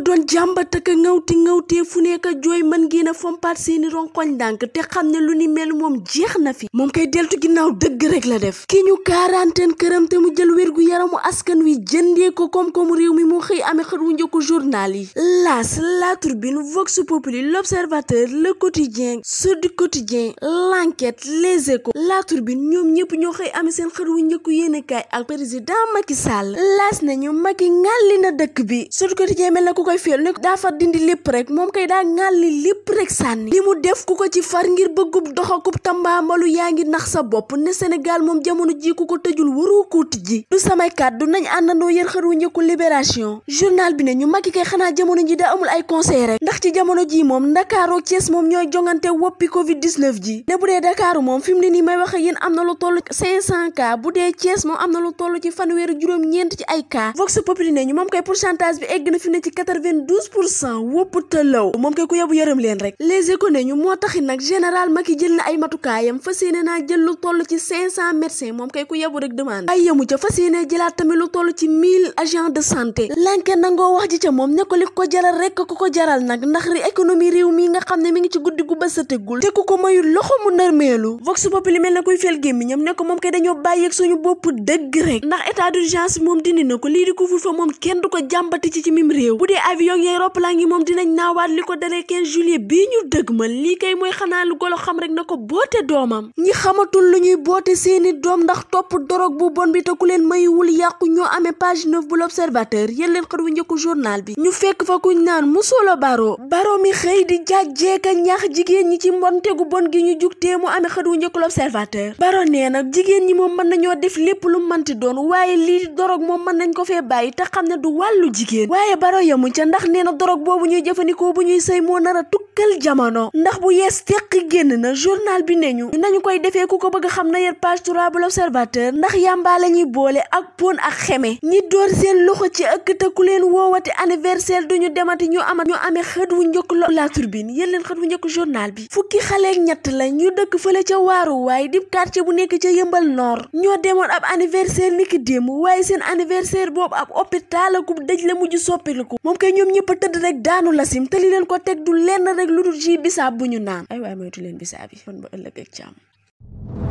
ko doon jàmbat ak ngawti ngawtee fu nekk a jooy mën ngeen a fompaat seeni ronkoñ ndànk te xam ne lu ni mel moom jeex na fi moom kay deltu ginnaaw dëgg rek la def ki ñu quarantaine këram te mu jël wér yaramu askan wi jëndee ko koom-koomu réew mi moo xëy amee xët wu njëkku journal yi las la turbine vox populi l'observateur le quotidien sud quotidien l'enquête les échos la turbine ñoom ñëpp ñoo xëy amee seen xët wu njëkku yéene kaay ak président Macky Sall laas nañu Macky ngàlli na dëkk koy fiyel ne daa far dindi lépp rek moom kay daa ŋàlli lépp rek sànni li mu def ku ko ci far ngir bëggub doxakub tambaamalu yaa ngi nax sa bopp ne Sénégal moom jamono ji ku ko tëjul waroo koo tijji du samay kàddu nañ àndandoo yër xër wu njëkku libération journal bi ne ñu Macky kay xanaa jamono ji daa amul ay conseil rek ndax ci jamono ji moom Ndakaaru Thiès moom ñooy jongante woppi covid 19 ji ne bu dee Dakaaru moom fi mu ne nii may wax ak am na moom am na lu toll ci fanweeri juróom ñeent ci ay cas Vox Populi ne ñu moom kay pourcentage bi egg 92 pour cent wópp tëlaw moom kay ku yebu yërëm leen rek les éco ne ñu moo taxi nag général Macky jël na ay matukaayam fas yéene naa jël lu toll ci 500 médecins moom kay ku yebu rek demande ay yemu ca fas yéene jëlaat tamit lu toll ci 1000 agents de santé lanke nangoo wax ji ca moom ne li ko jaral rek ku ko jaral nag ndax ri économie réew mi nga xam ne mi ngi ci guddi gu bës a tegul te ku ko mayul loxo mu nërmeelu vox populi mel na kuy fel gémmiñam ne ko moom ko lii di couvre du ko jàmbati ci ci mim réew bu avion yeeg roppalaan yi moom dinañ naawaat li ko dalee 15 juillet bii ñu dëgmal lii kay mooy xanaa lu golo xam rek na ko boote doomam ñi xamatul lu ñuy boote seeni doom ndax topp doroog bu bon bi te ku leen mayiwul yàqu ñoo amee page 9 bu l'observateur yéen leen xët wu njëkku journal bi ñu fekk fa kuñ naan musolo baro baro mi xëy di a ñax jigéen ñi ci mbonte gu bon gi ñu jugtee mu amee xët wu njëkku l'observateur baro nee na jigéen ñi moom mën nañoo def lépp lu manti doon waaye lii dorog moom mën nañ ko fee bàyyi te xam ne du wàllu jigéen ca ndax nee na dorog boobu ñuy jëfandikoo bu ñuy sëy moo nar a tukkal jamono ndax bu yees teq génn na journal bi ne ñu nañu koy defee ku ko bëgg xam na yéen page 3 bu l'observateur ndax yàmbaa la ñuy boole ak pon ak xeme ñi door seen loxo ci ëkk te ku leen woowati anniversaire duñu demati ñu amat ñu amee xët wu njëkk la turbine yéen leen xët wu njëkk journal bi fukki xaleek ñett la ñu dëkk fële ca waaru waaye di quartier bu nekk ca yëmbal nord ñoo demoon ab anniversaire niki démb waaye seen anniversaire boobu ab hôpital akub dëj la mujj soppiliku ñoom ñëpp a tëdd rek daanu la sim te li leen ko teg du lenn rek lu dul ji bisaab bu ñu naan ay waay moytu leen bisaab yi kon ba ëllëg ak jàmm